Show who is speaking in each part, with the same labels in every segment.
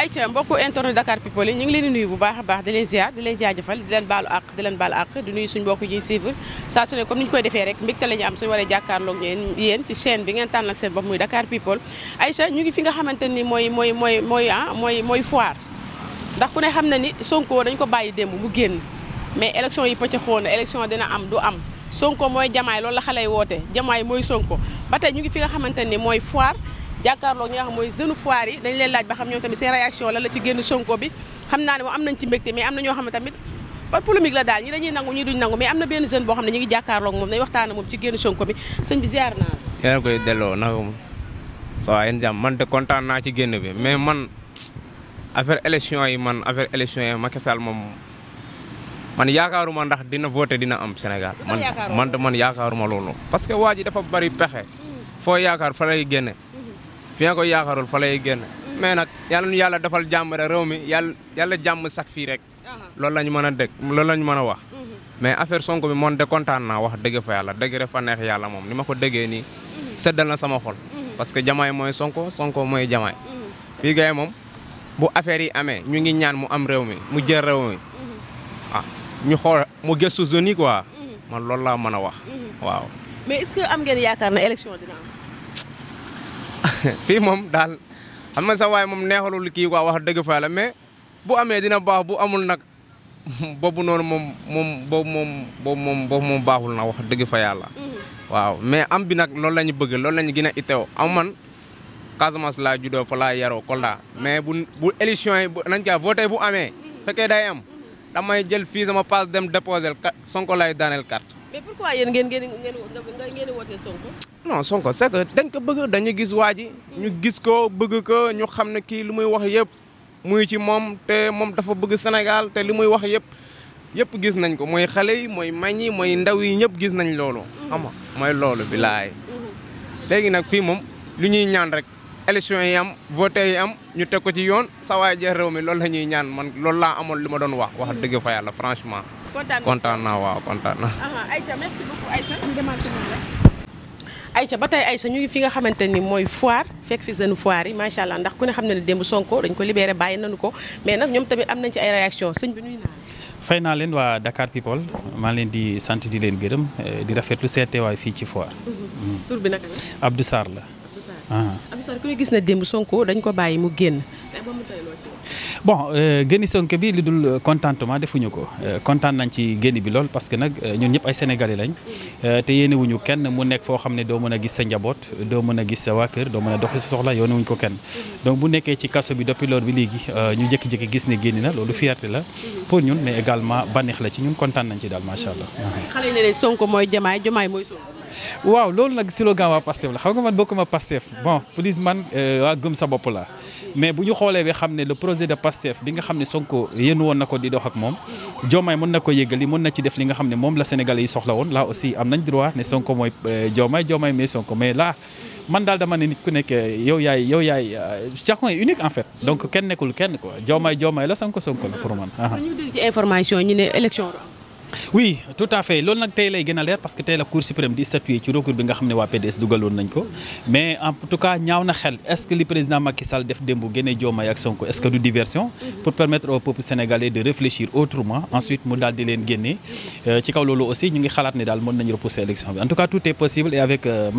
Speaker 1: ayca mbokku internet Dakar People yi ñu ngi leen di nuyu bu baax a baax di leen ziar di leen jaajëfal di leen baalu àq di leen baalu àq di nuyu suñu mbokku ji suivre saa su ne comme ni ñu koy defee rek mbégte la ñu am suñu waree jàkkaarloog ñeen yéen ci chaîne bi ngeen tànnal seen bopp muy Dakar People ayca ñu ngi fi nga xamante ni mooy mooy mooy mooy ah mooy mooy foire ndax ku ne xam na ni Sonko dañ ko bàyyi démb mu génn mais élection yi pëcc xoon na élection dina am du am Sonko mooy jamaay loolu la xale yi woote jamaay mooy Sonko ba tey ñu ngi fi nga xamante ni mooy foire jàkkaarloo ñi nga xam mooy jeune foire yi dañ leen laaj ba xam ñoom tamit seen réaction la la ci génn Sonko bi xam naa ne moom am nañ ci mbégte mais na ñoo xam mais am na ci génn Sonko bi sëñ bi ziar
Speaker 2: naa man de kontaan naa ci génn bi mais man affaire élection yi man affaire élection yi Macky Sall moom man yaakaaruma ndax dina voté dina am Sénégal man man yaakaaruma loolu parce que waa ji dafa bari pexe hmm. foo yaakaar fa lay génne hmm. fi nga yaakaarul fa lay génn mais nag yàlla nu yàlla defal jàmm rek réew mi yàlla yàlla jàmm sax fii rek uh-huh. loolu la ñu mën a dégg loolu la ñu mën a wax uh-huh. mais affaire Sonko bi moom de kontaan naa wax dëgg fa yàlla dëgg rek fa neex yàlla moom ni ma ko déggee nii uh-huh. seddal na sama xol parce que jamaay mooy Sonko Sonko mooy jamaay fii gay moom bu affaire yi amee ñu ngi ñaan mu am réew mi mu jël réew mi ah ñu xool mu gëstu zone yi quoi man loolu laa mën a wax waaw
Speaker 1: mais est-ce am
Speaker 2: fii moom daal xam nga sa waay moom neexalul kii quoi wax dëgg fa la mais bu amee dina baax bu amul nag boobu noonu moom moom boobu moom boobu moom boobu moom baaxul na wax dëgg fa yàlla. Mm-hmm. waaw mais am bi nag loolu la ñu bëgg lool la ñu gën a itteew am man Casamance laa juddoo fa laa yaroo Kolda mais bu bu élection yi bu nañ ko voté bu amee mm-hmm. fekkee day am mm-hmm. damay jël fii sama passe dem déposé Sonko laay daaneel carte. mais non Sonko c'est que dañ ko bëgg dañu gis waa ji ñu gis ko bëgg ko ñu xam ne kii li muy wax yëpp muy ci moom te moom dafa bëgg Sénégal te li muy wax yëpp yëpp gis nañ ko mooy xale yi mooy mag yi mooy ndaw yi ñëpp gis nañ loolu xam nga mooy loolu bilaay léegi nag fii moom lu ñuy ñaan rek élection yi am voté yi am ñu teg ko ci yoon sa waay réew mi loolu la ñuy ñaan man loolu laa amoon li ma doon wax wax dëgg fa yàlla franchement kontaan waaw kontaan
Speaker 1: Aïcha ba tey Aïcha ñu fi nga xamante ni mooy foire fekk fi seen foire yi macha allah ndax ku ne xam ne ne démb Sonko dañ ko libéré bàyyi nañu ko mais nag ñoom tamit am nañ ci ay réaction sëñ bi nuyu naa
Speaker 3: fay naa leen waa Dakar People maa leen di sant di leen gërëm eh, di rafetlu seen teewaay fii ci foire.
Speaker 1: Mhm. Mm. tur bi naka
Speaker 3: la Abdou la. Ah.
Speaker 1: Abdou Sarr ku ne gis na démb Sonko dañ ko bàyyi mu génn.
Speaker 3: bon euh, génn Sonko bi li dul euh, contentement defuñu ko euh, kontaan nañ ci génn bi lool parce nag ñun ñëpp ay sénégalais lañ te yéenewuñu kenn mu nekk foo xam ne doo mën a gis sa njaboot doo mën a gis sa waa kër doo mën a doxi sa soxla yoonewuñu ko kenn donc bu nekkee ci kaso bi depuis loolu bi léegi ñu jékki-jékki gis ne génn na loolu fierté la pour ñun mais également bànneex la ci ñun kontaan nañ ci daal macha allah. waaw
Speaker 1: loolu nag slogan
Speaker 3: waa Pastef la xam nga man bokkuma Pastef bon plus man euh, waa gëm sa bopp la mais bu ñu xoolee ba xam ne le projet de Pastef bi nga xam ne Sonko yéen woon na ko di dox ak moom Diomaye mën na ko yëgali mën na ci def li nga xam ne moom la Sénégalais yi soxla woon là aussi am nañ droit ne Sonko mooy euh, Diomaye Diomaye mais Sonko mais la man daal dama ne nit ku nekk euh, yow yaay yow yaay chacun est unique en fait donc kenn nekkul kenn ko Diomaye Diomaye la Sonko la pour man. ñu
Speaker 1: dégg ci information
Speaker 3: oui tout à fait loolu nag tey lay gën a leer parce que tey la cour suprême di statuer ci recours bi nga xam ne waa PDS dugaloon nañ ko mais en tout cas ñaaw na xel est ce que li président Macky def démb génne Diomaye ak Sonko est ce que du diversion mm-hmm. pour permettre au peuple sénégalais de réfléchir autrement ensuite mu daal di leen génne euh, ci kaw loolu aussi ñu ngi xalaat ne daal mën nañu repousser élection bi en tout cas tout est possible et avec euh,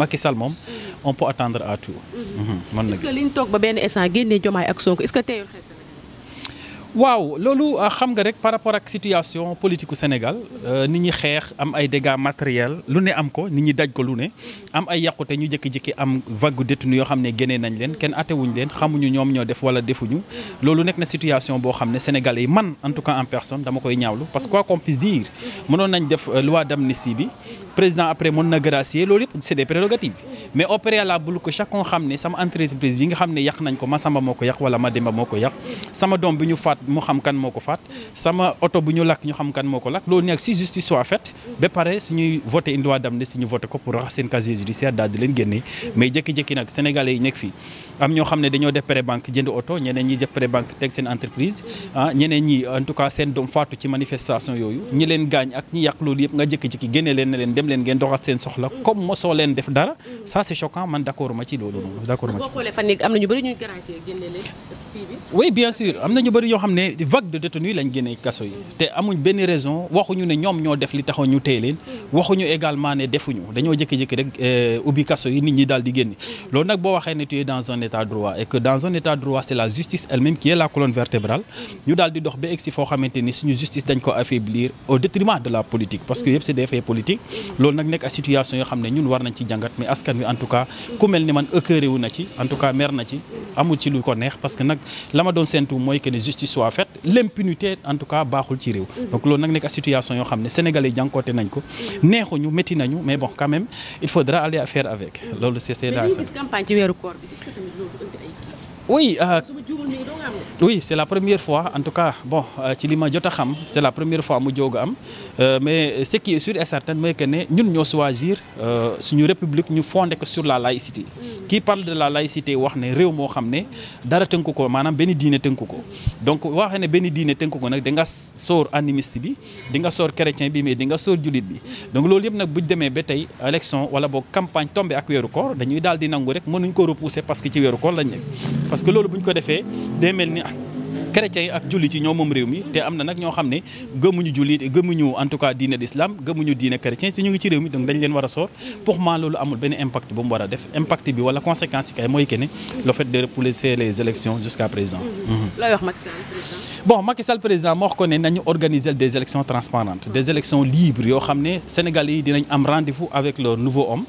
Speaker 3: waaw loolu euh, xam nga rek par rapport ak situation politique u Sénégal euh, ni ñi xeex am ay dégâts matériels lu ne am ko ni ñi daj ko lu ne am ay yàqute ñu jëkki-jëkki am vague détenu yoo xam ne génnee nañ leen kenn atewuñ leen xamuñu ñoom ñoo def wala defuñu loolu nekk na situation boo xam ne sénégal yi man en tout cas en personne dama koy ñaawlu parce que quoi qu'on puisse dire mënoon nañ def euh, loi d'amnistie bi président après mën na gracier loolu yëpp c'est des prérogatives ne yàq nañ ko ma Samba moo ko yàq wala ma Demba mu xam kan moo ko faat sama oto bu ñu lakk ñu xam kan moo ko lakk loolu nag si justice soit faite ñuy pare suñuy voté une loi d'amnistie ñu voté ko pour rax seen casier judiciaire daal di leen génne mais jékki-jékki nag sénégale yi nekk fi am ñoo xam ne dañoo def prêt banque jënd oto ñeneen ñi def prêt banque teg seen entreprise ah, ñeneen ñi en tout cas seen doom faatu ci manifestation yooyu ñi leen gaañ ak ñi yàq loolu yëpp nga jékki-jékki génne leen ne leen dem leen ngeen doxat seen soxla comme mosoo leen def dara ça c'est man d'accord ci loolu noonu d'accord
Speaker 1: ci. ñu bëri ñuy garantie génne leen
Speaker 3: prix ne de détenus lañ génnee kaso yi te amuñ benn raison waxuñu ne ñoom ñoo def li taxoon ñu téye leen waxuñu également ne defuñu dañoo jékki-jékki rek eh, ubbi kaso yi ñi daal di génne loolu nag boo un état droit et que dans un état droit c'est la justice elle-même qui est la colonne vertébrale ñu daal di dox ba egsi foo xamante ni suñu justice dañ ko affaiblir au détriment de la politique parce que yëpp c'est des faits politiques loolu nag nekk a situation yoo xam ne ñun war ci jàngat mais askan wi en tout cas ku mel ni man ëkkëre wu na ci en tout cas mer na ci amul ci lu ko neex parce que nag la doon séntu mooy que justice soit faite l'impunité oui euh, oui c'est la première fois en tout cas bon euh, ci li ma jot a xam c'est la première fois mu jóg am euh, mais ce qui est sûr et mooy que ne ñun ñoo choisir euh, suñu république ñu fonde ko sur la laïcité. kii parle de la laïcité wax ne réew moo xam ne dara tënk ko maanaam benn diine tënku ko donc waxee ne benn diine tënk ko nag di nga sóor animiste bi di nga sóor chrétien bi mais di nga sóor jullit bi donc loolu yëpp nag bu demee ba tey élection wala boog campagne tombé ak weeru koor dañuy daal di nangu rek mënuñ ko repousser parce que ci weeru koor lañ nekk parce que loolu buñ ko defee day mel ni ah, chrétiens yi ak jullit yi ñoo moom réew mi te am na nag ñoo xam ne gëmuñu jullit gëmuñu en tout cas diine l'islam gëmuñu diine chrétien te ñu ngi ci réew mi dañ leen war a soor pour moi loolu amul benn impact bu mu war a def impact bi wala conséquence yi kay mooy que ne le fait de repousser les élections jusqu'à présent.
Speaker 1: Mm-hmm. looy wax
Speaker 3: président. moo wax ko ne nañu organiser des élections transparentes des élections libres yoo xam ne Sénégalais yi dinañ am rendez-vous avec leur nouveau homme.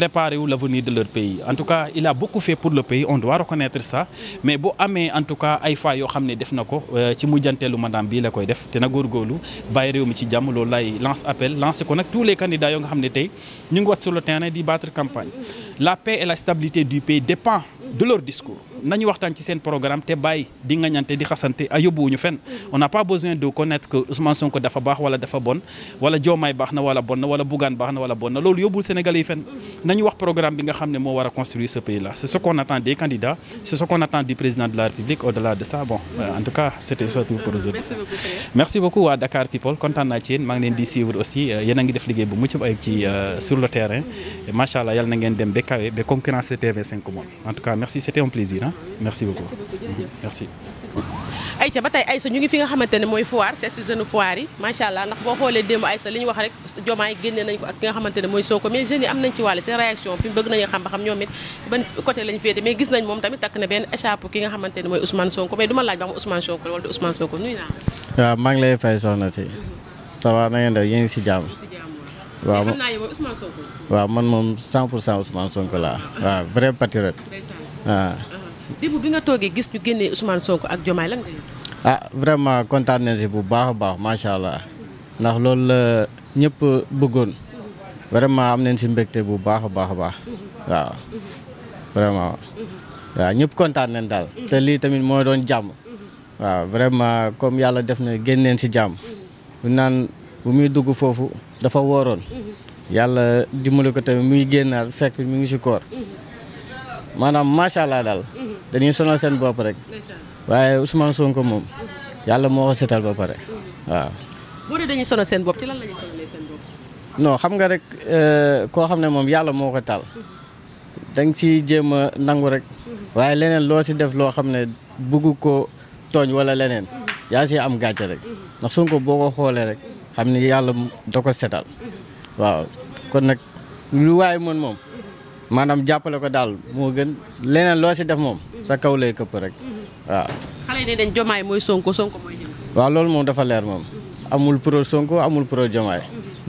Speaker 3: préparer wu l'avenir de leur pays en tout cas il a beaucoup fait pour le pays on doit reconnaître ça mais bu amee en tout cas ay fa yoo xam ne def na ko euh, ci mujjanteelu mandaam bii la koy def te na góorgóorlu bàyyi réew mi ci jàmm loolu laay lance appel lancé ko nag tous les candidats yoo nga xam ne tey ñu ngi wat sur le terrain di battre campagne la paix et la stabilité du pays dépend de leur discours nañu waxtaan ci seen programme te bàyyi di ngañante di xasante a yóbbuwuñu fenn mm-hmm. on n'a pas besoin de connaître que Ousmane Sonko dafa baax wala dafa bon wala Diomaye baax na wala bon na wala Bougane baax na wala bon na loolu yóbbul Sénégalais yi fenn mm-hmm. nañu wax programme bi nga xam ne moo war a construire ce pays là c'est ce qu'on attend des candidats ce qu'on attend du président de la République au-delà de ça bon euh, en tout cas c'était ça tout tout cas ah merci beaucoup mhm. merci.
Speaker 1: Aïcha ba tey Aïcha ñu ngi fi nga xamante ne mooy foire c'est jeune foire yi macha allah ndax boo xoolee démb Aïcha li ñu wax rek jomaay génne nañ ko ak ki nga xamante ne mooy Sonko mais jeunes yi am nañ ci wàll seen réaction gis na benn écharpe ki nga xamante ne mooy Ousmane Sonko mais du ma laaj ba xam Ousmane Sonko wala du la.
Speaker 4: waaw maa ngi lay fay soxna si. Mhm. ça va na waaw man man moom 100 pour 100 Ousmane Sonko laa ah. waaw vrai patriote
Speaker 1: démb bi nga toogee gis ñu génnee Ousmane Sonko ak Diomaye lan nga
Speaker 4: ah vraiment kontaan nañ si bu baax a baax macha allah ndax loolu la ñépp bëggoon vraiment am nañ si mbégte bu baax a baax a baax waaw vraiment waaw ñëpp kontaan nañ daal te lii tamit moo doon jàmm waaw vraiment comme yàlla def na génneen si jàmm bu naan bu muy dugg foofu dafa wooroon yàlla dimbali ko tamit muy génn génnaal fekk mu ngi si koor maanaam macha allah daal mhm. dañuy sonal seen bopp rek waaye Ousmane Sonko moom yàlla moo ko setal ba pare mhm. waaw.
Speaker 1: boo seen bopp la ñuy
Speaker 4: xam nga rek euh, koo xam ne moom yàlla moo ko taal mhm. da si ciy jéem a nangu rek waaye leneen loo si def loo xam ne bugg ko tooñ wala leneen yaa si am gàcc rek ndax Sonko boo ko xoolee rek xam ne yàlla da ko setal waaw kon nag lu waay mën moom. maanaam jàppale ko daal moo gën leneen loo si def moom sa kaw lay këpp rek waaw.
Speaker 1: xale yi ne dañ jomaay mooy sonko sonko mooy
Speaker 4: waaw loolu moom dafa leer moom amul pro sonko amul pro jomaay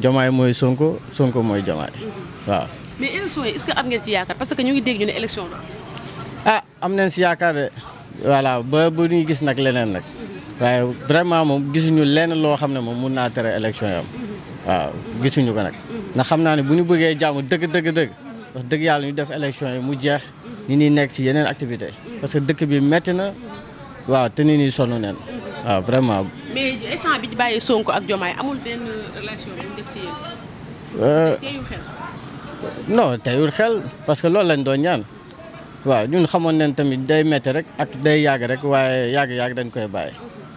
Speaker 4: jomaay mooy sonko sonko mooy jomaay waaw.
Speaker 1: mais élection yi est que am ngeen si yaakaar parce que ñu ngi dégg ñu ne élection la.
Speaker 4: ah am nañ si yaakaar de voilà ba bu ñuy gis nag leneen nag waaye vraiment moom gisuñu lenn loo xam ne moom mun naa tere élection yam waaw gisuñu ko nag ndax xam naa ne bu ñu bëggee jàmm dëgg dëgg dëgg. wax dëgg yàlla ñu def élection yi mu jeex ni ñuy nekk si yeneen activité parce que dëkk bi métti na waaw te ni ñuy sonn neen waaw vraiment.
Speaker 1: mais instant bi ñu bàyyee Sonko ak Diomaye amul benn relation bu ñu def ci yéen. Euh, teyul xel.
Speaker 4: non xel parce que loolu lañ doon ñaan waaw ñun xamoon nañ tamit day métti rek ak day yàgg rek waaye yàgg yàgg dañ koy bàyyi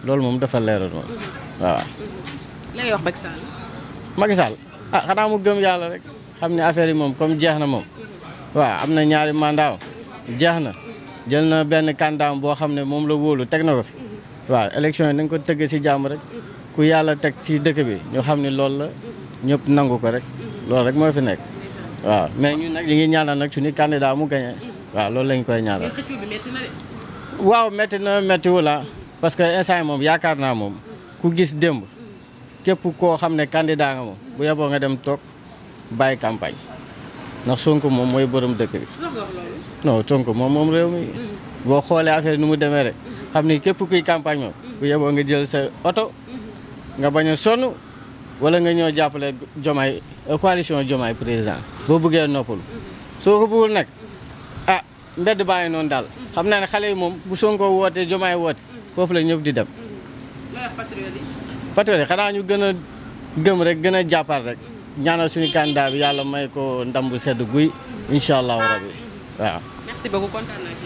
Speaker 4: loolu moom dafa leeral moom mm-hmm. waaw. Mm-hmm. lay wax Macky Sall. ah xanaa mu gëm yàlla rek. xam ne affaire yi moom comme jeex na moom waaw am na ñaari mandat jeex na jël na benn kandaam boo xam ne moom la wóolu teg na ko fi waaw élection yi nañ ko tëgg si jàmm rek ku yàlla teg si dëkk bi ñu xam ne loolu la ñëpp nangu ko rek loolu rek moo fi nekk waaw mais ñu nag ñu ngi ñaanal nag suñu candidat mu gagné waaw loolu lañ koy ñaanal waaw na méttiwu la ah. parce que instant moom yaakaar naa moom ku gis démb képp koo xam ne candidat nga moom bu yeboo nga dem toog bàyyi campagne ndax Sonko moom mooy borom dëkk bi. non Sonko moom moom réew mi. boo xoolee affaire nu mu demee rek xam ni képp kuy campagne moom. bu nga jël sa oto. nga bañ a sonn wala nga ñëw jàppale Jomaay coalition Jomaay président boo bëggee noppalu soo ko nag ah mbedd bàyyi noonu daal xam naa ne xale yi moom bu Sonko wootee Jomaay woote foofu la ñëw di dem. patriote xanaa ñu gën a gëm rek gën a jàppal rek. ñaanal suñu candidat bi yàlla may ko ndam bu sedd guy incha allahu rabi waaw.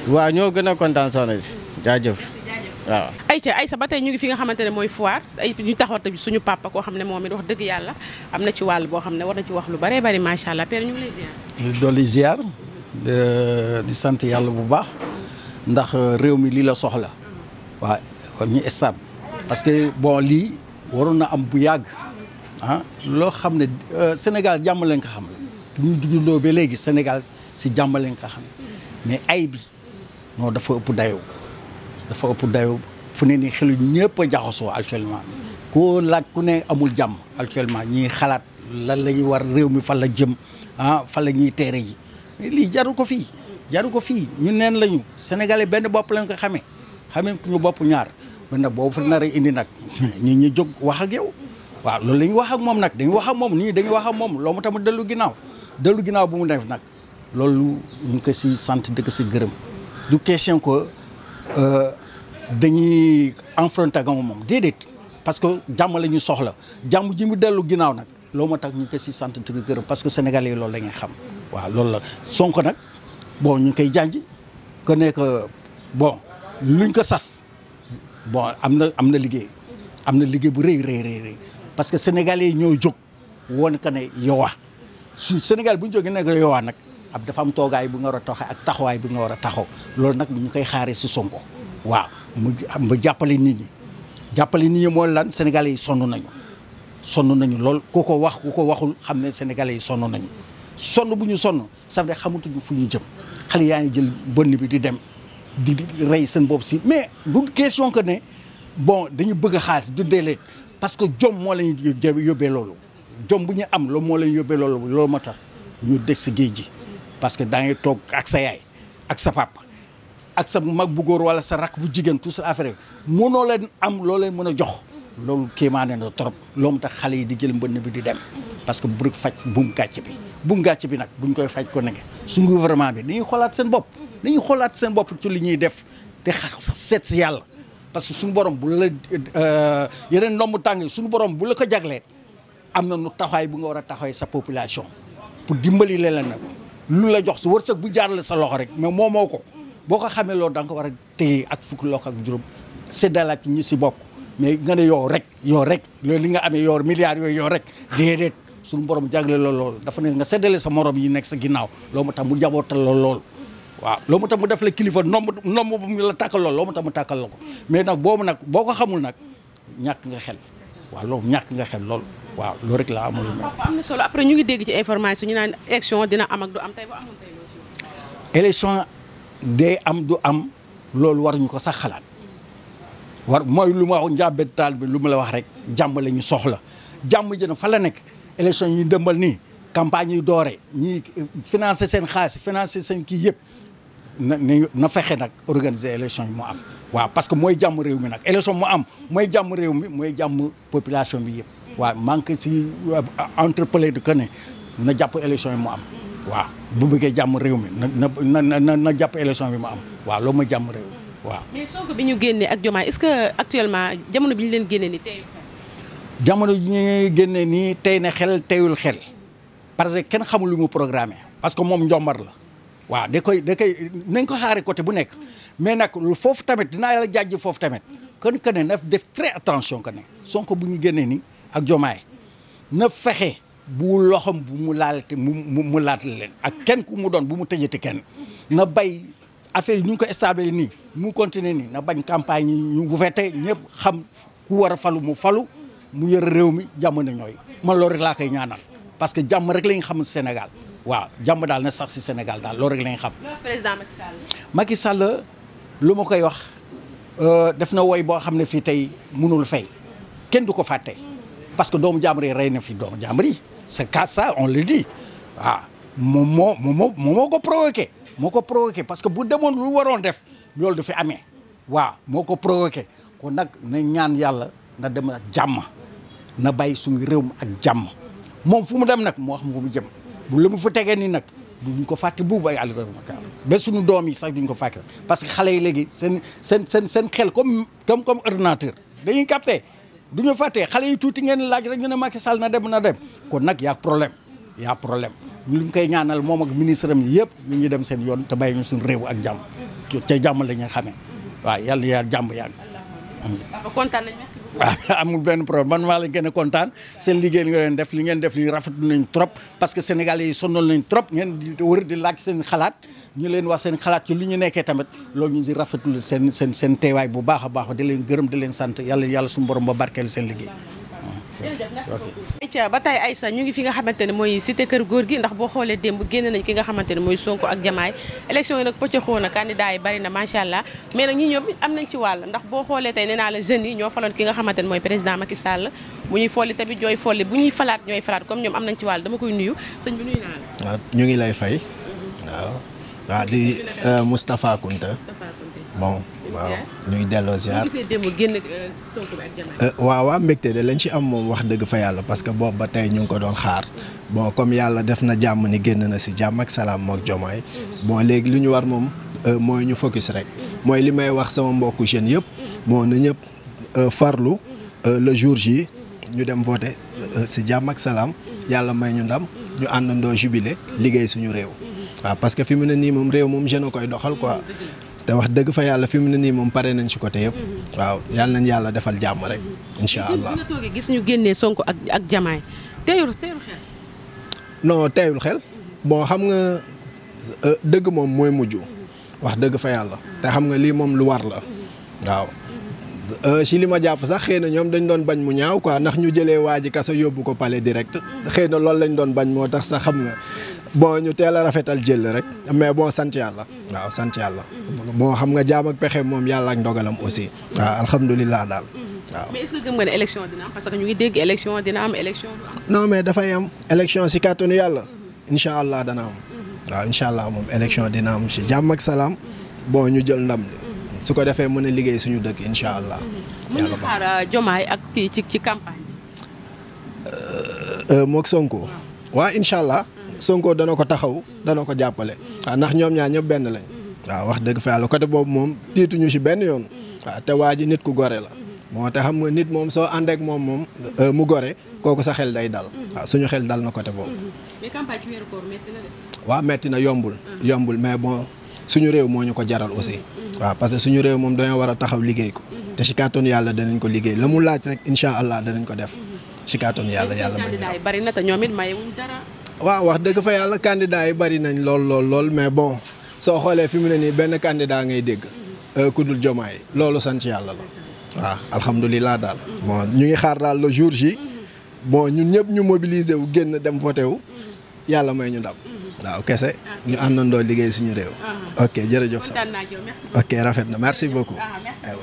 Speaker 4: waaw ñoo gën a kontaan soxna si jaajëf. waaw
Speaker 1: ayca aysa ba tey ñu ngi fi nga xamante ne mooy foire ay ñu taxawal tamit suñu papa koo xam ne moom it wax dëgg yàlla am na ci wàll boo xam ne war na ci wax lu bëree bëri macha allah père ñu ngi
Speaker 5: lay di sant yàlla bu baax ndax euh, réew mi lii la soxla mm-hmm. waa ñu stade parce bon lii waroon na am bu yàgg. ah loo xam ne euh, Sénégal jàmm lañ ko xam bu ñu duggandoo ba léegi Sénégal si jàmm lañ ko xam mais ay bi non dafa ëpp dayoo dafa ëpp dayoo fu ne nii xelu ñëpp a jaxasoo actuellement ko laaj ku ne amul jàmm actuellement ñiy xalaat lan la ñuy war réew mi fan la jëm ah fan la ñuy teere ji lii jaru ko fii jaru ko fii ñu neen lañu sénégalais benn bopp lañ ko xamee xamee ku ñu bopp ñaar benn boobu fa nar a indi nag ñu ñi jóg wax ak yow waaw loolu la ñu wax ak moom nag dañu wax ak moom nii dañu wax ak moom loo mu tamit dellu ginnaaw ginnaaw bu mu def nag loolu ñu ngi ko si sant di si gërëm du question que euh, dañuy affronter ak moom déedéet parce que jàmm la ñu soxla jàmm ji mu dellu ginnaaw nag loo ma tax ñu ko si sant di gërëm parce que sénégalais yi loolu la xam waaw loolu la sonk nag boo ñu koy jànj que ne que luñ ko saf bon am na am na liggéey am na liggéey bu rëy rëy rëy parce que sénégalais yi ñoo jóg woon que ne yowaa su Sénégal bu ñu jógee nag yowaa nag ab dafa am toogaay bu nga war a taxaw ak taxawaay bi nga war a taxaw loolu nag ñu koy xaaree si Sonko waaw mu mu jàppale nit ñi jàppale nit ñi mooy lan sénégalais yi sonn nañu sonn nañu lool ku ko wax ko waxul xam ne sénégalais yi sonn nañu sonn bu ñu sonn sa de xamatuñu fu ñu jëm xale yaa ngi jël bënn bi di dem di rey seen bopp si mais du question que ne bon dañu bëgg a xaalis du déedéet parce que jom moo leen yóbbee loolu jom bu ñu am loolu moo leen yóbbee loolu loolu moo tax ñu des si géej ji parce que daa ngi toog ak sa yaay ak sa papa ak sa mag bu góor wala sa rak bu jigéen tout ça affaire mënoo leen am loo leen mën a jox loolu kéemaane na trop loolu mu tax xale yi di jël mbënn bi di dem parce que bu faj buum gàcc bi buum gàcc bi nag buñ koy faj ko nege suñu gouvernement bi dañuy xoolaat seen bopp dañuy xoolaat seen bopp ci li ñuy def te seet si yàlla parce que suñu borom bu la euh, yeneen ndomb tàng suñu borom bu la ko jaglee am na nu taxawaay bu nga war a taxawee sa population pour dimbali leen nag lu la jox sa wërsëg bu jaar sa loxo rek mais moo moo ko boo ko xamee loolu da war a téye ak fukk loxo ak juróom séddalaat ci ñi si bokk mais nga ne yow rek yow rek loolu li nga amee yow milliards yooyu yow rek déedéet suñu borom jagle lool loolu dafa ne nga séddale sa morom yi nekk sa ginnaaw loolu moo tax mu jabootal lool loolu waaw loo mu tax def la kilifa nomb nomb mu la tàkkal lool loo mais nag boobu nag boo ko xamul nag ñàkk nga xel waaw loolu ñàkk nga xel lool waaw loolu rek laa amul.
Speaker 1: am solo après ñu ngi dégg ci information ñu naan élection dina am ak du am
Speaker 5: am du am loolu waruñu ko sax xalaat war mooy lu ma wax njàbbet taal bi lu ma la wax rek jàmm la ñu soxla jàmm jën fa la nekk élection yi dëmbal nii campagne yi doore ñi financé seen xaalis financé seen kii yëpp. na na fexe nag organiser élection yi mu am waaw parce que mooy jàmm réew mi nag élection mu am mooy jàmm réew mi mooy jàmm population bi yëpp waa manque si euh, entrepellé de que ne na jàpp élection yi mu am waaw bu bëggee jàmm réew mi na na na na jàpp élection bi mu am waaw loolu mooy jàmm réew waaw.
Speaker 1: mais Sonko bi ñu génnee ak Diomaye est-ce que actuellement jamono bi ñu leen génnee nii
Speaker 5: jamono ji ñu génnee nii tey ne xel teyul xel parce que kenn xamul lu mu programmé parce que moom njombar la. waaw da koy da koy nañ ko xaare côté bu nekk mais nag foofu tamit dinaa la jàjj foofu tamit kën que ne na def très attention que ne Sonko bu ñu génnee nii ak Jomaay na fexe bu loxom bu mu laalate mu mu mu laat leen ak kenn ku mu doon bu mu tëjati kenn na bay affaire yi ñu ngi ko établir nii mu continuer nii na bañ campagne yi ñu bu fekkee ñëpp xam ku war a falu mu falu mu yore réew mi jàmm na ñooy man loolu rek laa koy ñaanal parce que jàmm rek lañ ñu xam Sénégal waaw jàmm daal na sax si Sénégal daal loolu rek la xam. loolu président Sall. lu ma koy wax euh, def na woy boo xam ne fii tey mënul fay kenn du ko fàtte parce que doomu jàmbur rey na fi doomu jàmbur yi c' est ça on le dit waaw ah, moom moo ko provoqué. moo ko provoqué parce que bu demoon lu waroon def loolu du fi amee waa moo ko provoqué ko nag na ñaan yàlla na dem ak jàmm na bàyyi suñu réew mi ak jàmm moom fu mu dem nag moo xam fu mu jëm. bu lu mu fa tegee nii nag duñ ko fàtte buubu ay àll ba suñu doom yi sax duñ ko fàtte parce que xale léegi seen seen seen seen xel comme comme comme ordinateur dañuy capté du ñu fàttee xale yi tuuti ngeen laaj rek ñu ne Macky Sall na dem na dem kon nag yaa problème yaa problème lu ñu koy ñaanal moom ak ministre am yëpp ñu ngi dem seen yoon te bàyyi ñu suñu réew ak jàmm te jàmm la ñuy xamee waaw yàlla yaa jàmb yàgg. waaw amul benn problème man maa leen gën a kontaan seen liggéey li nga leen def li ngeen def nii rafetlu nañ trop parce que sénégalais yi sonal nañ trop ngeen di wër di laaj seen xalaat ñu leen wax seen xalaat ci li ñu nekkee tamit loolu ñu ngi si seen seen seen teewaay bu baax a baax di leen gërëm di leen sant yàlla yàlla suñu borom ba barkeelu seen liggéey
Speaker 1: ba merci ay Aïcha ñu ngi fi nga xamante ne mooy cité kër góor gi ndax boo xoolee démb génn nañ ki nga xamante ne mooy Sonko ak Jamaay élection yi nag pëccëxoo na candidat yi bari na macha allah mais nag ñi ñoom am nañ ci wàll ndax boo xoolee tey nee naa la jeunes yi ñoo faloon ki nga xamante ne mooy président Macky Sall bu ñuy folli tamit ñooy folli bu ñuy falaat ñooy falaat comme ñoom am nañ ci wàll dama koy nuyu sëñ bi nuyu naa
Speaker 6: la. Ah, ñu ngi lay fay. waaw waaw di euh, Moustapha Kounta waaw ñu ngi waaw waaw de lañ ci am moom wax dëgg fa yàlla parce que boobu ba tey ñu ngi ko doon xaar mm-hmm. bon comme yàlla def na jàmm ni génn na si jàmm ak salaam mook jomaay mm-hmm. bon léegi lu ñu war moom euh, mooy ñu focus rek mm-hmm. mooy li may wax sama mbokku jeunes yëpp bon na ñëpp euh, farlu euh, le jour J ñu dem voter si jàmm ak salaam yàlla may ñu ndam ñu àndandoo jubilé liggéey suñu réew waaw parce que fi mu ne nii moom réew moom jeune koy doxal quoi te wax dëgg fa yàlla fi mu ne nii moom pare nañ ci côté yëpp. Mhm. waaw yal nañ yàlla defal jàmm rek. Mhm. incha allah
Speaker 1: gis ñu génnee Sonko ak ak Diomaye teeyul teeyul xel. non teeyul xel mhm. bon xam nga euh,
Speaker 6: dëgg moom mooy mujj wax dëgg fa yàlla te xam nga lii moom lu war la waaw. Euh, ci li ma jàpp sax xëy na ñoom dañ doon bañ mu ñaaw quoi ndax ñu jëlee waa ji kaso yóbbu ko pale direct. xëy na loolu lañ doon bañ moo tax sax xam nga. bon ñu teel rafetal jël rek mais bon sant yàlla waaw sant yàlla bon xam nga jaam ak pexe moom yàlla ak ndogalam aussi waaw alhamdulilah daal
Speaker 1: waaw mais est-ce que gëm nga ne élection dina am parce que ñu ngi dégg élection dina am élection.
Speaker 6: non mais dafay am élection si kàttanu yàlla incha allah dana am waaw allah moom élection dina am si jàmm ak salaam bon ñu jël ndam li su ko defee mën a liggéey suñu dëkk incha allah.
Speaker 1: mën nga xaar Jomaay euh, ak kii ci ci campagne bi.
Speaker 6: Euh, euh, Sonko. waaw incha allah. Sonko dana ko taxaw dana ko jàppale waaw ndax ñoom ñaar ñëpp benn lañ waaw wax dëgg fi yàlla côté boobu moom tiituñu ci benn yoon waaw te waa ji nit ku gore la moo tax xam nga nit moom soo àndeek moom moom euh, mu gore kooku sa xel day dal suñu xel dal na côté boobu. waa metti na yombul. yombul mais bon suñu réew moo ñu ko jaral aussi. waaw parce que suñu réew moom dañoo war a taxaw liggéey ko. te ci kàttanu yàlla danañ ko liggéey la mu laaj rek incha allah danañ ko def. ci kàttanu yàlla yàlla may waaw wax dëgg fa yàlla candidat yi bari nañ lool lool lool mais bon soo xoolee fi mu ne nii benn kandidaa ngay dégg euh, ku dul Diomaye loolu sant yàlla la waaw alhamdulilah daal bon ñu ngi xaar daal la jour J bon ñun ñëpp ñu mobiliser wu génn dem voté wu yàlla mooy ñu ndam. Mhm. waaw kese ah. ñu àndandoo liggéey suñu réew. Ah. ok jërëjëf
Speaker 1: sax ok rafet
Speaker 6: na merci ah, beaucoup.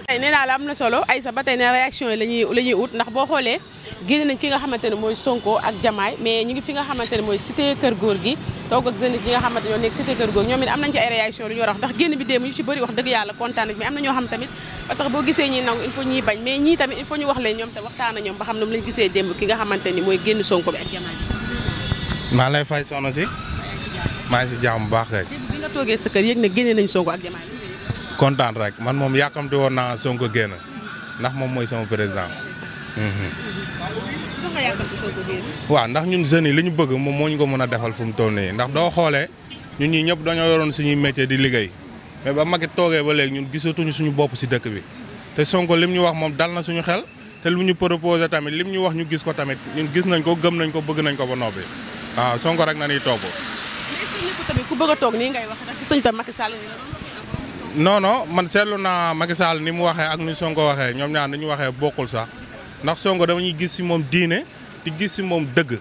Speaker 1: tey nee naa la am na solo Aïssa ba tey ne réaction yi la ut ndax boo xoolee génne nañ xamante ne mooy Sonko ak Jamaay ñu ngi nga xamante ne mooy cité kër góor gi toog ak jeune yi nekk cité kër góor ñoom it am nañ ci ay réaction lu ñu war a wax ndax génn bi démb ñu ci bëri wax dëgg yàlla kontaan mais am na ñoo xam tamit parce que boo gisee ñi nangu il faut ñuy bañ mais ñii tamit il faut ñu wax xam ne mu lañ gisee ki nga xamante ni mooy génn Sonko bi ak
Speaker 7: maa lay fay soxna si. maa ngi si jàmm bu baax rek.
Speaker 1: bi nga toogee sa kër ne génne nañ Sonko ak Diomaye.
Speaker 7: kontaan rek man moom yàkkamti woon naa Sonko génn ndax moom mooy sama président. Mhm. waa ndax ñun jeunes yi li ñu bëgg moom moo ñu ko mën a defal fu mu toll nii ndax doo xoolee ñun ñii ñëpp dañoo yoroon suñuy métier di liggéey mais ba Macky toogee ba léegi ñun gisatuñu suñu bopp si dëkk bi te li lim ñu wax moom dal na suñu xel te lu ñu proposé tamit lim ñu wax ñu gis ko tamit ñun gis nañ ko gëm nañ ko bëgg nañ ko ba noppi waaw ah, Sonko rek na ñuy topp.
Speaker 1: mais ku bëgg toog nii ngay wax gis
Speaker 7: man seetlu naa Macky Sall ni mu waxee ak ni Sonko waxee ñoom ñaan ni ñu waxee bokkul sax ndax Sonko dama ñuy gis si moom diine di gis si moom dëgg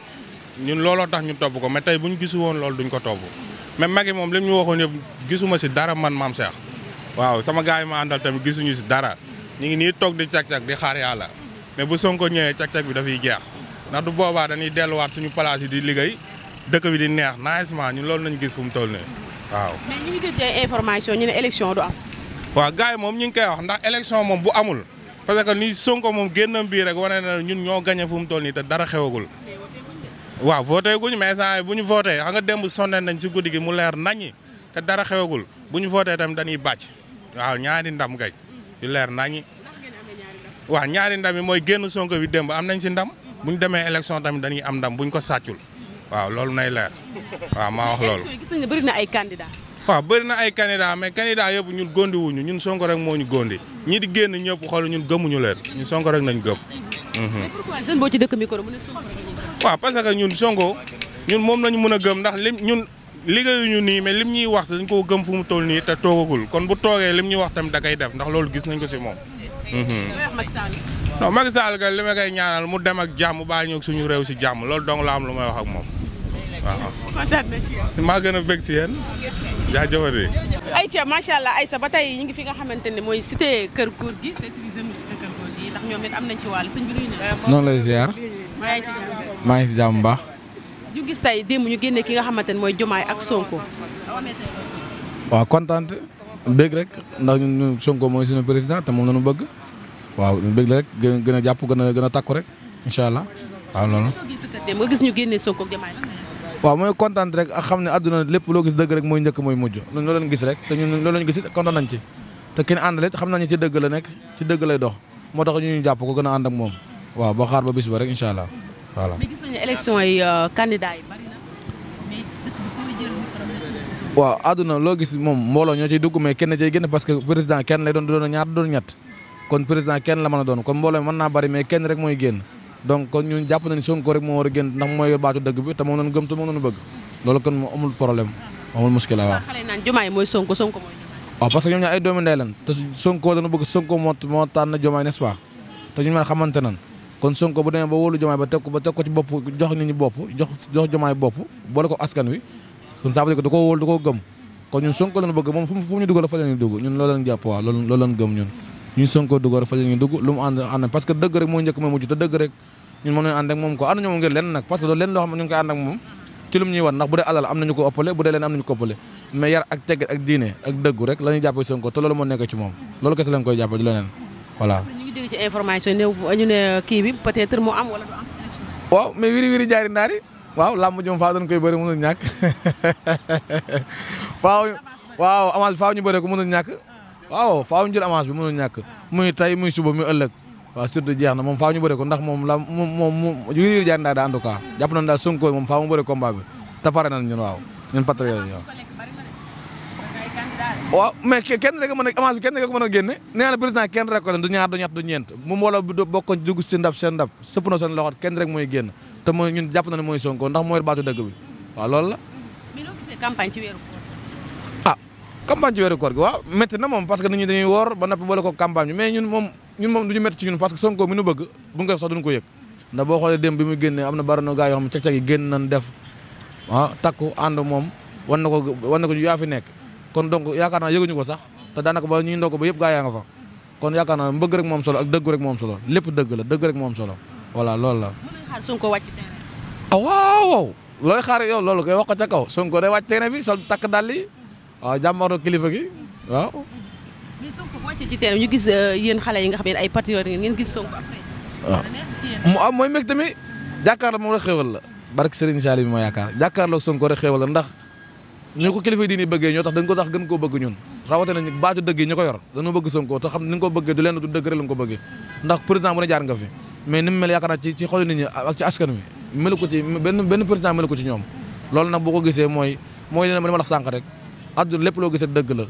Speaker 7: ñun looloo tax ñu topp ko ma tey bu ñu gisu woon loolu duñ ko topp mais Macky moom li ñu waxoon gisuma si dara man maam Cheikh waaw sama gars yi ma àndal tamit gisuñu si dara ñu ngi nii toog di cag-cag di xaar mais bu Sonko ñëwee cag-cag bi dafay jeex. ndax du boobaa dañuy delluwaat suñu place yi di liggéey dëkk bi di neex naajement ñu loolu nañu gis fu mu toll nii waaw.
Speaker 1: mais information ñu ne élection du
Speaker 7: waaw gars yi moom ñu ngi koy wax ndax élection moom bu amul parce que ni Sonko moom génnam bii rek wane na ñun ñoo gañe fu mu toll nii te dara xewagul. waaw voté guñ mais bu ñu voté xam nga démb sonné nañ si guddi gi mu leer naññi te dara xewagul bu ñu voté tamit dañuy bàcc waaw ñaari ndam gay yu leer naññi. waaw ñaari ndam yi mooy génn Sonko bi demb am nañ si ndam. bu ñu demee élection tamit dañuy am ndam bu ñu ko sàccul waaw loolu nay leer waaw maa wax loolu.
Speaker 1: gis bëri na ay candidat
Speaker 7: waaw bëri na ay candidat mais candidat yëpp ñun gondi ñun Sonko rek moo ñu gondi ñii di génn ñëpp xool ñun gëmuñu leen ñun Sonko rek nañu gëm. Mhm.
Speaker 1: mais ci dëkk micro mu ne
Speaker 7: waaw parce que ñun Sonko ñun moom lañu mën a gëm ndax lim ñun liggéeyuñu nii mais lim ñuy wax dañ koo gëm fu mu toll nii te toogagul kon bu toogee lim ñuy wax tamit da koy def ndax loolu gis nañ ko si moom
Speaker 1: Mm-hmm. non Macky
Speaker 7: li ma koy ñaanal mu dem ak jàmm baa ñoo suñu réew si jàmm loolu dong la am lu may wax ak moom waaw. na ci yow. maa gën a bég si yéen. jaajëfati.
Speaker 1: ayca macha allah Aïssa ba tey ñu ngi fi nga xamante ne mooy cité kër góor gi noonu lay ziar.
Speaker 8: maa ngi ci jàmm baax.
Speaker 1: ñu gis tey démb ñu génne ki nga xamante ne mooy Diomaye ak Sonko.
Speaker 8: waaw kontaan bëgg rek ndax ñun Sonko mooy suñu président te moom la ñu bëgg waaw bëgg rek gën a jàpp gën a gën a takku rek incha allah waaw loolu.
Speaker 1: nga gis ñu génnee Sonko
Speaker 8: waaw mooy kontaan rek a xam ne àdduna lépp loo gis dëgg rek mooy njëkk mooy mujj ñun loolu lañ gis rek te ñun loolu lañ gis it kontaan nañ ci te kin àndal it xam nañ ci dëgg la nekk ci dëgg lay dox moo tax ñu ñu jàpp ko gën a ànd ak moom waaw ba xaar ba bis ba rek incha allah voilà. waaw àdduna loo gis moom mbooloo ñoo ciy dugg e kenn cay génn parce que président kenn lay doon doon ñaar doon ñett kon président kenn la mën a doon kon mbooloo mi mën naa bari mais kenn rek mooy génn donc kon ñun jàpp nañu Sonko rek a génn ndax mooy yor baatu dëgg bi te moom noonu gëm parce que ñoom ñaar ay doomi ndey lan te Sonko dañu bëgg Sonko moo moo tànn Diomaye nest te ñu mën xamante nan kon Sonko bu demee ba wóolu Diomaye ba teg ko ba teg ko ci bopp jox nit ñi bopp jox jox bopp boole wi kon ça veut ko du ko gëm kon ñun Sonko lañ bëgg moom fu mu ñu dugal fa la ñuy dugg ñun loolu lañ jàpp waaw loolu loolu gëm ñun ñun Sonko dugal fa la ñuy dugg lu mu ànd ànd ànd nañu ko ëppale leen am yar ak tegg ak diine ak dëggu rek la jàppee Sonko te loolu moo nekk ci moom loolu kese lañ koy jàppee du leneen waaw mais wiri wiri jaari waaw làmb jom faa dañ koy bëri mënul ñàkk faaw waaw avance faaw ñu bëri ko mënul ñàkk ah. waaw faaw ñu jël avance bi mënul ñàkk muy tey muy suba muy ëllëg mm. waa surtout jeex na moom faaw ñu bëri ko ndax moom la moom moom yir jaan daa daa en tout cas jàpp nañ daal Sonko moom faaw mu bëri combat bi pare nañ ñun waaw ñun patriote ñun waaw mais kenn a avance bi kenn rek mën kenn rek ko du ñaar du ñett du ñeent mu mbooloo bi bokkoon ci dugg si ndab seen ndab sëpp na seen loxo kenn rek mooy génn te mooy ñun jàpp nañ mooy Sonko ndax mooy baatu dëgg bi waaw loolu la.
Speaker 1: mais noo gisee campagne ci weeru
Speaker 8: koor ah ci weeru koor gi waaw métti na moom parce que nit ñi dañuy woor ba ko campagne bi mais ñun moom ñun du ñu métti ci ñun parce que Sonko mi nu bëgg bu ñu koy sax ko yëg ndax boo xoolee dem bi mu génnee am na barano gaa yoo xam ne cag-cag yi génn nañ ah, moom wan na ko wan na ko fi nekk kon donc yaakaar naa yëguñu ko sax te daanaka ba ñu ngi ndoo ko ba yëpp gaa yaa nga fa kon yaakaar naa mbëgg moom solo ak dëgg rek moom solo lépp dëgg la dëgg rek moom solo voilà loolu la. mën Sonko wàcc terrain. ah loolu kay wax ko ca kaw Sonko day wàcc bi sol takk dàll yi waaw mm-hmm. ah, jàmmaroo kilifa gi mm-hmm. waaw. Mm-hmm.
Speaker 1: mais Sonko bu wàccee ci terrain euh, xam ne ay patriote ngeen ngeen gis Sonko après.
Speaker 8: waaw ah. mu am ah, mooy mbégte mi jàkkaarloo moom rek xéwal la barke Serigne Saliou bi ma yaakaar jàkkaarloo Sonko rek xéwal la ndax ñu ko kilifa yi bëggee ñoo tax dañ tax gën koo bëgg ñun rawatina baatu dëgg yi ñu ko yor dañoo bëgg Sonko te xam ni nga bëggee du du dëgg rek nga bëggee ndax président bu ne jaar nga fi mais ni mel yaakaar naa ci ci xolu nit ñi ak ci askan wi melu ko ci benn benn président melu ko ci ñoom loolu na boo ko gisee mooy mooy leen ma li ma la sànq rek àdduna lépp loo gisee dëgg la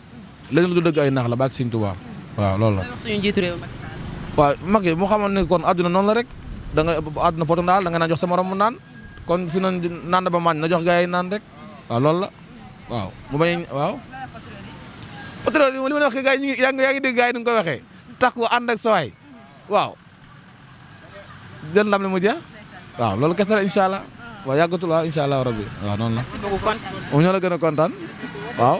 Speaker 8: leneen lu dëgg ay naax la baag Sëñ Tuubaa waaw loolu la.
Speaker 1: suñu njiitu réew Macky Sall.
Speaker 8: waaw Macky mu xamoon ne kon àdduna noonu la rek da nga àdduna foto daal da nga naan jox sa morom mu naan kon fi naan naan na jox gars yi naan rek waaw loolu la waaw mu bañ waaw. pétrole yi li ma la waxee gars yi dégg gars yi ni nga ko waxee tax ko ànd ak sawaay waaw jël ndam li mu waaw loolu kese la incha allah
Speaker 9: waaw yàggatul waaw incha allah rabbi waaw noonu la. merci beaucoup kontaan. ñoo waaw.